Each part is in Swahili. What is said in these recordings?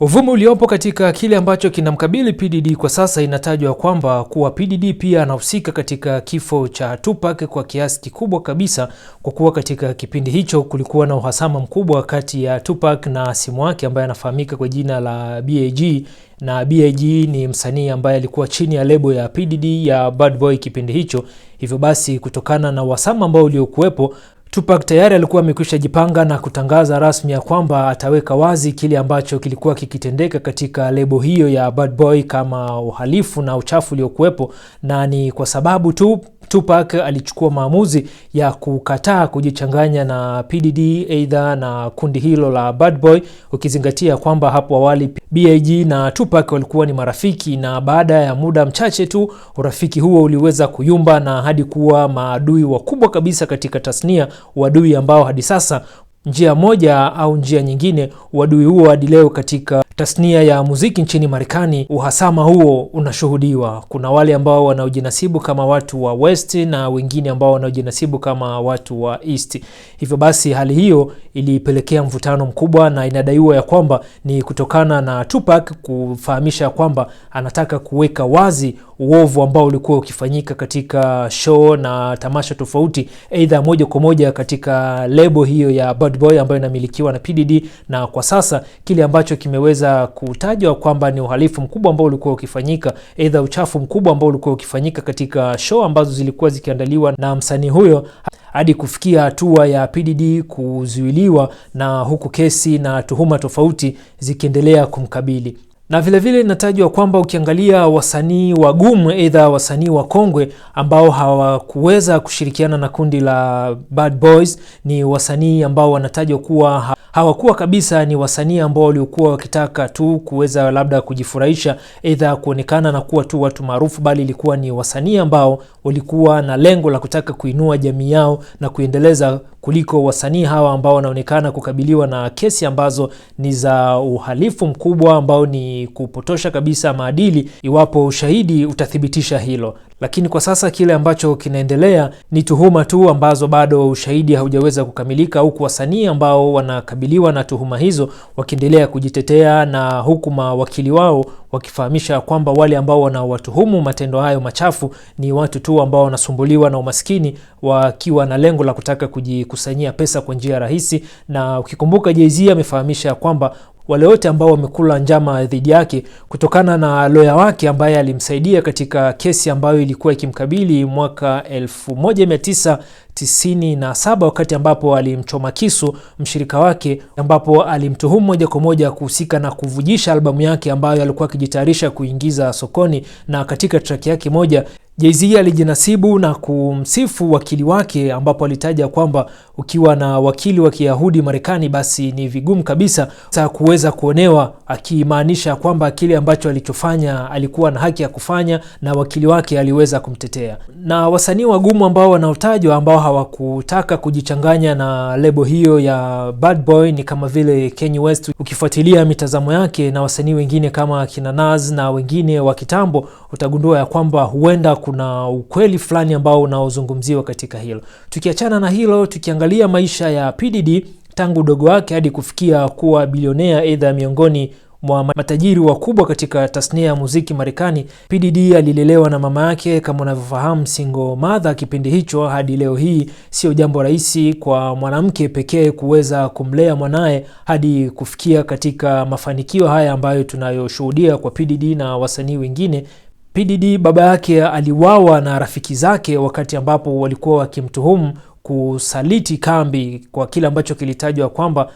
Uvumi uliopo katika kile ambacho kinamkabili PDD kwa sasa inatajwa kwamba kuwa PDD pia anahusika katika kifo cha Tupac kwa kiasi kikubwa kabisa, kwa kuwa katika kipindi hicho kulikuwa na uhasama mkubwa kati ya Tupac na simu wake ambaye anafahamika kwa jina la bag na Big ni msanii ambaye alikuwa chini ya lebo ya PDD ya Bad Boy kipindi hicho. Hivyo basi, kutokana na uhasama ambao uliokuwepo, Tupac tayari alikuwa amekwisha jipanga na kutangaza rasmi ya kwamba ataweka wazi kile ambacho kilikuwa kikitendeka katika lebo hiyo ya Bad Boy kama uhalifu na uchafu uliokuwepo, na ni kwa sababu tu Tupac alichukua maamuzi ya kukataa kujichanganya na PDD aidha na kundi hilo la Bad Boy, ukizingatia kwamba hapo awali Big na Tupac walikuwa ni marafiki, na baada ya muda mchache tu urafiki huo uliweza kuyumba na hadi kuwa maadui wakubwa kabisa katika tasnia, uadui ambao hadi sasa njia moja au njia nyingine uadui huo hadi leo katika tasnia ya muziki nchini Marekani, uhasama huo unashuhudiwa. Kuna wale ambao wanaojinasibu kama watu wa West na wengine ambao wanaojinasibu kama watu wa East. Hivyo basi, hali hiyo ilipelekea mvutano mkubwa, na inadaiwa ya kwamba ni kutokana na Tupac kufahamisha kwamba anataka kuweka wazi uovu ambao ulikuwa ukifanyika katika show na tamasha tofauti, aidha moja kwa moja katika lebo hiyo ya Bad Boy ambayo inamilikiwa na PDD, na kwa sasa kile ambacho kimeweza kuweza kutajwa kwamba ni uhalifu mkubwa ambao ulikuwa ukifanyika, aidha uchafu mkubwa ambao ulikuwa ukifanyika katika show ambazo zilikuwa zikiandaliwa na msanii huyo hadi kufikia hatua ya PDD kuzuiliwa na huku kesi na tuhuma tofauti zikiendelea kumkabili na vilevile inatajwa kwamba ukiangalia wasanii wagumu aidha wasanii wa kongwe ambao hawakuweza kushirikiana na kundi la Bad Boys ni wasanii ambao wanatajwa kuwa hawakuwa kabisa ni wasanii ambao waliokuwa wakitaka tu kuweza labda kujifurahisha, aidha kuonekana na kuwa tu watu maarufu, bali ilikuwa ni wasanii ambao walikuwa na lengo la kutaka kuinua jamii yao na kuendeleza kuliko wasanii hawa ambao wanaonekana kukabiliwa na kesi ambazo ni za uhalifu mkubwa ambao ni kupotosha kabisa maadili, iwapo ushahidi utathibitisha hilo. Lakini kwa sasa kile ambacho kinaendelea ni tuhuma tu ambazo bado ushahidi haujaweza kukamilika, huku wasanii ambao wanakabiliwa na tuhuma hizo wakiendelea kujitetea na huku mawakili wao wakifahamisha kwamba wale ambao wanawatuhumu matendo hayo machafu ni watu tu ambao wanasumbuliwa na umaskini, wakiwa na lengo la kutaka kujikusanyia pesa kwa njia rahisi. Na ukikumbuka jay amefahamisha kwamba wale wote ambao wamekula njama dhidi yake kutokana na loya wake ambaye alimsaidia katika kesi ambayo ilikuwa ikimkabili mwaka 1997 wakati ambapo alimchoma kisu mshirika wake, ambapo alimtuhumu moja kwa moja kuhusika na kuvujisha albamu yake ambayo alikuwa akijitayarisha kuingiza sokoni, na katika track yake moja Jay-Z alijinasibu na kumsifu wakili wake ambapo alitaja kwamba ukiwa na wakili wa Kiyahudi Marekani basi ni vigumu kabisa sa kuweza kuonewa, akimaanisha kwamba kile ambacho alichofanya alikuwa na haki ya kufanya na wakili wake aliweza kumtetea. Na wasanii wagumu ambao wanaotajwa ambao hawakutaka kujichanganya na lebo hiyo ya Bad Boy ni kama vile Kanye West, ukifuatilia mitazamo yake na wasanii wengine kama kina Nas na wengine wa kitambo, utagundua ya kwamba huenda kuna ukweli fulani ambao unaozungumziwa katika hilo. Tukiachana na hilo, tukiangalia maisha ya PDD tangu udogo wake hadi kufikia kuwa bilionea, edha miongoni mwa matajiri wakubwa katika tasnia ya muziki Marekani. PDD alilelewa na mama yake kama unavyofahamu, single mother. Kipindi hicho hadi leo hii sio jambo rahisi kwa mwanamke pekee kuweza kumlea mwanaye hadi kufikia katika mafanikio haya ambayo tunayoshuhudia kwa PDD na wasanii wengine PDD baba yake aliwawa na rafiki zake wakati ambapo walikuwa wakimtuhumu kusaliti kambi kwa kile ambacho kilitajwa kwamba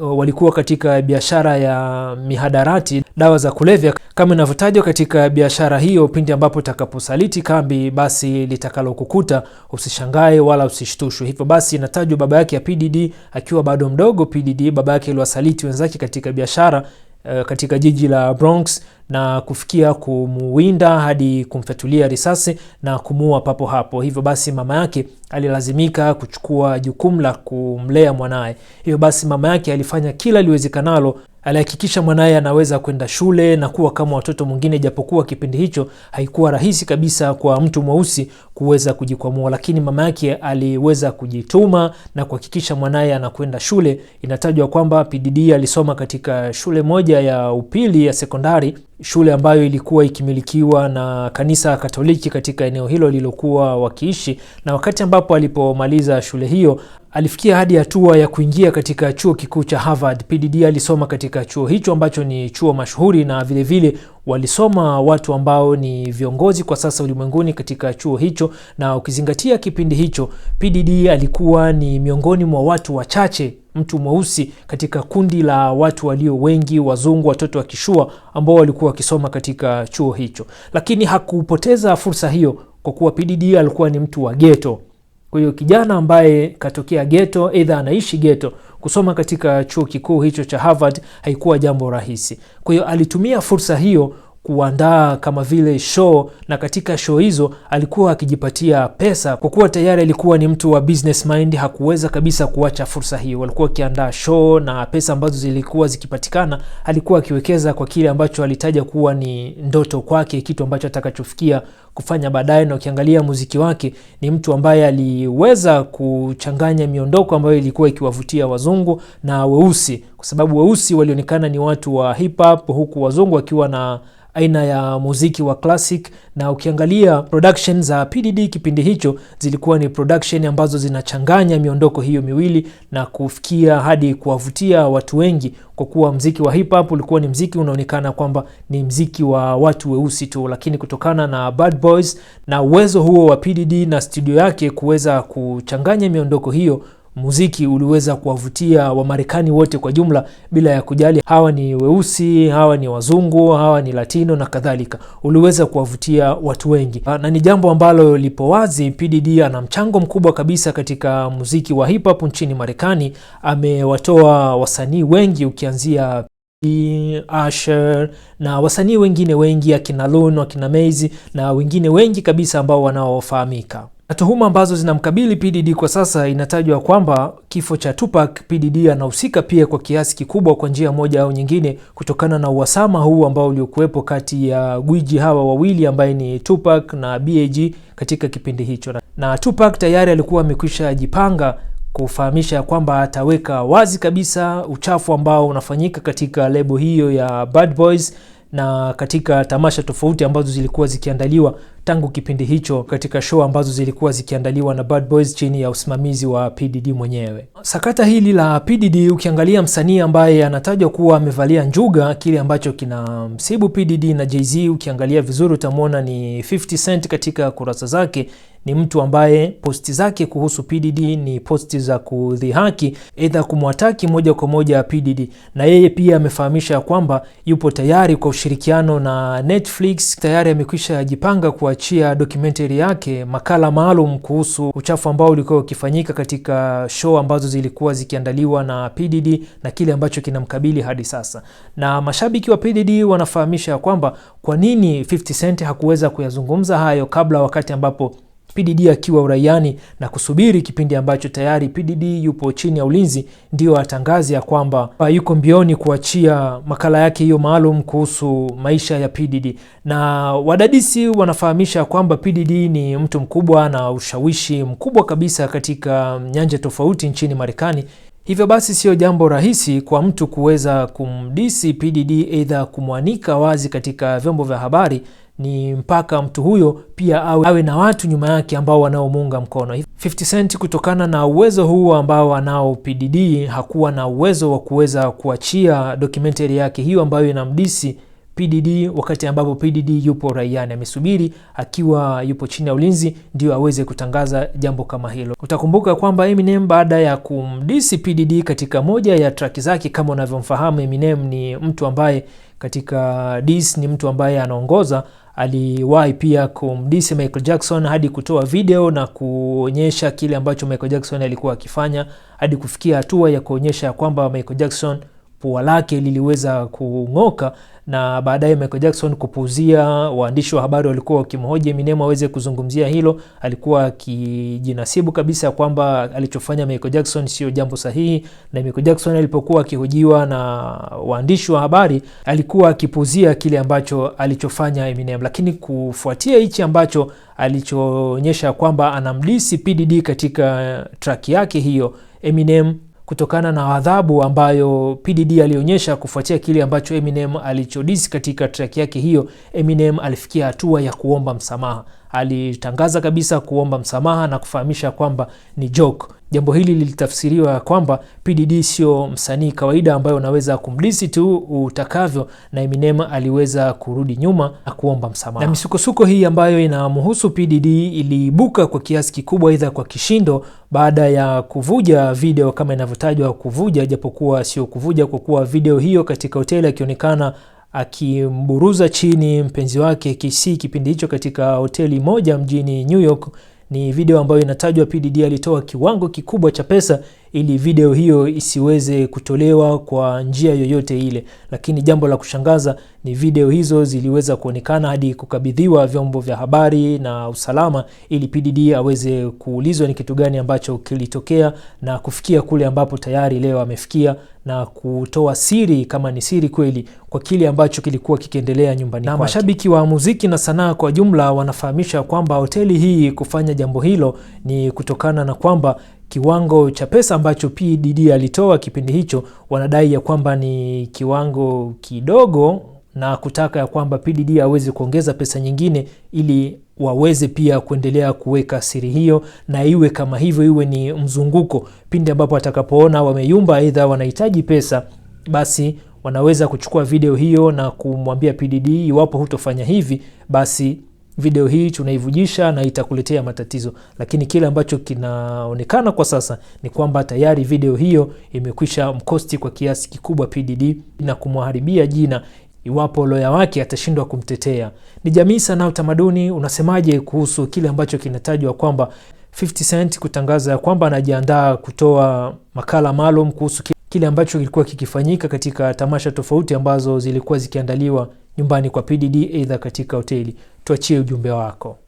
uh, walikuwa katika biashara ya mihadarati, dawa za kulevya, kama inavyotajwa katika biashara hiyo. Pindi ambapo takaposaliti kambi, basi litakalokukuta usishangae wala usishtushwe. Hivyo basi, inatajwa baba yake ya PDD akiwa bado mdogo, PDD baba yake aliwasaliti wenzake katika biashara Eh, katika jiji la Bronx na kufikia kumuwinda hadi kumfyatulia risasi na kumuua papo hapo. Hivyo basi mama yake alilazimika kuchukua jukumu la kumlea mwanaye. Hivyo basi mama yake alifanya kila liwezekanalo Alihakikisha mwanaye anaweza kwenda shule na kuwa kama watoto mwingine, japokuwa kipindi hicho haikuwa rahisi kabisa kwa mtu mweusi kuweza kujikwamua, lakini mama yake aliweza kujituma na kuhakikisha mwanaye anakwenda shule. Inatajwa kwamba PDD alisoma katika shule moja ya upili ya sekondari shule ambayo ilikuwa ikimilikiwa na kanisa Katoliki katika eneo hilo lililokuwa wakiishi, na wakati ambapo alipomaliza shule hiyo alifikia hadi hatua ya kuingia katika chuo kikuu cha Harvard. PDD alisoma katika chuo hicho ambacho ni chuo mashuhuri, na vilevile vile walisoma watu ambao ni viongozi kwa sasa ulimwenguni katika chuo hicho, na ukizingatia kipindi hicho PDD alikuwa ni miongoni mwa watu wachache mtu mweusi katika kundi la watu walio wengi wazungu, watoto wa kishua ambao walikuwa wakisoma katika chuo hicho, lakini hakupoteza fursa hiyo kwa kuwa PDD alikuwa ni mtu wa geto. Kwa hiyo kijana ambaye katokea geto, aidha anaishi geto, kusoma katika chuo kikuu hicho cha Harvard haikuwa jambo rahisi. Kwa hiyo alitumia fursa hiyo kuandaa kama vile show, na katika show hizo alikuwa akijipatia pesa kwa kuwa tayari alikuwa ni mtu wa business mind. Hakuweza kabisa kuacha fursa hiyo. Walikuwa akiandaa show na pesa ambazo zilikuwa zikipatikana alikuwa akiwekeza kwa kile ambacho alitaja kuwa ni ndoto kwake, kitu ambacho atakachofikia kufanya baadaye. Na ukiangalia muziki wake, ni mtu ambaye aliweza kuchanganya miondoko ambayo ilikuwa ikiwavutia wazungu na weusi, kwa sababu weusi walionekana ni watu wa hip hop, huku wazungu wakiwa na aina ya muziki wa classic, na ukiangalia production za PDD kipindi hicho zilikuwa ni production ambazo zinachanganya miondoko hiyo miwili na kufikia hadi kuwavutia watu wengi, kwa kuwa mziki wa hip hop ulikuwa ni mziki unaonekana kwamba ni mziki wa watu weusi tu, lakini kutokana na Bad Boys na uwezo huo wa PDD na studio yake kuweza kuchanganya miondoko hiyo muziki uliweza kuwavutia Wamarekani wote kwa jumla bila ya kujali hawa ni weusi, hawa ni wazungu, hawa ni latino na kadhalika. Uliweza kuwavutia watu wengi, ah, na ni jambo ambalo lipo wazi. pdd ana mchango mkubwa kabisa katika muziki wa hip hop nchini Marekani. Amewatoa wasanii wengi ukianzia Asher na wasanii wengine wengi akina Lun, akina mezi na wengine wengi kabisa ambao wanaofahamika. Na tuhuma ambazo zinamkabili PDD kwa sasa inatajwa kwamba kifo cha Tupac, PDD anahusika pia kwa kiasi kikubwa kwa njia moja au nyingine, kutokana na uhasama huu ambao uliokuwepo kati ya gwiji hawa wawili ambaye ni Tupac na BAG katika kipindi hicho, na Tupac tayari alikuwa amekwisha jipanga kufahamisha ya kwamba ataweka wazi kabisa uchafu ambao unafanyika katika lebo hiyo ya Bad Boys na katika tamasha tofauti ambazo zilikuwa zikiandaliwa tangu kipindi hicho katika show ambazo zilikuwa zikiandaliwa na Bad Boys chini ya usimamizi wa PDD mwenyewe. Sakata hili la PDD, ukiangalia msanii ambaye anatajwa kuwa amevalia njuga, kile ambacho kina msibu PDD na Jay-Z, ukiangalia vizuri utamwona ni 50 Cent katika kurasa zake ni mtu ambaye posti zake kuhusu PDD ni posti za kudhihaki, aidha kumwataki moja kwa moja PDD. Na yeye pia amefahamisha kwamba yupo tayari kwa ushirikiano na Netflix, tayari amekwisha jipanga kuachia documentary yake, makala maalum kuhusu uchafu ambao ulikuwa ukifanyika katika show ambazo zilikuwa zikiandaliwa na PDD na kile ambacho kinamkabili hadi sasa. Na mashabiki wa PDD wanafahamisha kwamba kwa nini 50 Cent hakuweza kuyazungumza hayo kabla wakati ambapo PDD akiwa uraiani na kusubiri kipindi ambacho tayari PDD yupo chini ya ulinzi, ndiyo atangaze ya kwamba ah, yuko mbioni kuachia makala yake hiyo maalum kuhusu maisha ya PDD. Na wadadisi wanafahamisha kwamba PDD ni mtu mkubwa na ushawishi mkubwa kabisa katika nyanja tofauti nchini Marekani. Hivyo basi sio jambo rahisi kwa mtu kuweza kumdisi PDD, aidha kumwanika wazi katika vyombo vya habari ni mpaka mtu huyo pia awe, awe na watu nyuma yake ambao wanaomuunga mkono. 50 Cent kutokana na uwezo huu ambao anao PDD hakuwa na uwezo wa kuweza kuachia documentary yake hiyo ambayo inamdisi PDD wakati ambapo PDD yupo raiani, amesubiri akiwa yupo chini ya ulinzi ndio aweze kutangaza jambo kama hilo. Utakumbuka kwamba Eminem baada ya kumdisi PDD katika moja ya track zake, kama unavyomfahamu Eminem ni mtu ambaye katika dis ni mtu ambaye anaongoza. Aliwahi pia kumdisi Michael Jackson hadi kutoa video na kuonyesha kile ambacho Michael Jackson alikuwa akifanya hadi kufikia hatua ya kuonyesha kwamba Michael Jackson pua lake liliweza kung'oka na baadaye Michael Jackson kupuuzia. Waandishi wa habari walikuwa wakimhoji Eminem aweze kuzungumzia hilo. Alikuwa akijinasibu kabisa kwamba alichofanya Michael Jackson sio jambo sahihi, na Michael Jackson alipokuwa akihojiwa na waandishi wa habari alikuwa akipuuzia kile ambacho alichofanya Eminem, lakini kufuatia hichi ambacho alichoonyesha kwamba anamdisi PDD katika track yake hiyo Eminem kutokana na adhabu ambayo pdd alionyesha kufuatia kile ambacho Eminem alichodisi katika track yake hiyo. Eminem alifikia hatua ya kuomba msamaha, alitangaza kabisa kuomba msamaha na kufahamisha kwamba ni joke, Jambo hili lilitafsiriwa kwamba PDD sio msanii kawaida ambaye unaweza kumdisi tu utakavyo, na Eminem aliweza kurudi nyuma na kuomba msamaha. Na misukosuko hii ambayo inamhusu PDD iliibuka kwa kiasi kikubwa, aidha kwa kishindo, baada ya kuvuja video kama inavyotajwa kuvuja, japokuwa sio kuvuja, kwa kuwa video hiyo katika hoteli akionekana akimburuza chini mpenzi wake kisi kipindi hicho katika hoteli moja mjini New York ni video ambayo inatajwa PDD alitoa kiwango kikubwa cha pesa ili video hiyo isiweze kutolewa kwa njia yoyote ile, lakini jambo la kushangaza ni video hizo ziliweza kuonekana hadi kukabidhiwa vyombo vya habari na usalama, ili PDD aweze kuulizwa ni kitu gani ambacho kilitokea na kufikia kule ambapo tayari leo amefikia na kutoa siri kama ni siri kweli kwa kile ambacho kilikuwa kikiendelea nyumbani kwake. Na mashabiki wa muziki na sanaa kwa jumla wanafahamisha kwamba hoteli hii kufanya jambo hilo ni kutokana na kwamba kiwango cha pesa ambacho pdd alitoa kipindi hicho, wanadai ya kwamba ni kiwango kidogo na kutaka ya kwamba pdd aweze kuongeza pesa nyingine ili waweze pia kuendelea kuweka siri hiyo na iwe kama hivyo, iwe ni mzunguko. Pindi ambapo atakapoona wameyumba, aidha wanahitaji pesa, basi wanaweza kuchukua video hiyo na kumwambia PDD, iwapo hutofanya hivi, basi video hii tunaivujisha na itakuletea matatizo. Lakini kile ambacho kinaonekana kwa sasa ni kwamba tayari video hiyo imekwisha mkosti kwa kiasi kikubwa PDD na kumharibia jina, iwapo loya wake atashindwa kumtetea. Ni jamii sana. Utamaduni unasemaje kuhusu kile ambacho kinatajwa kwamba 50 Cent kutangaza kwamba anajiandaa kutoa makala maalum kuhusu kile ambacho kilikuwa kikifanyika katika tamasha tofauti ambazo zilikuwa zikiandaliwa nyumbani kwa PDD, aidha katika hoteli. Tuachie ujumbe wako.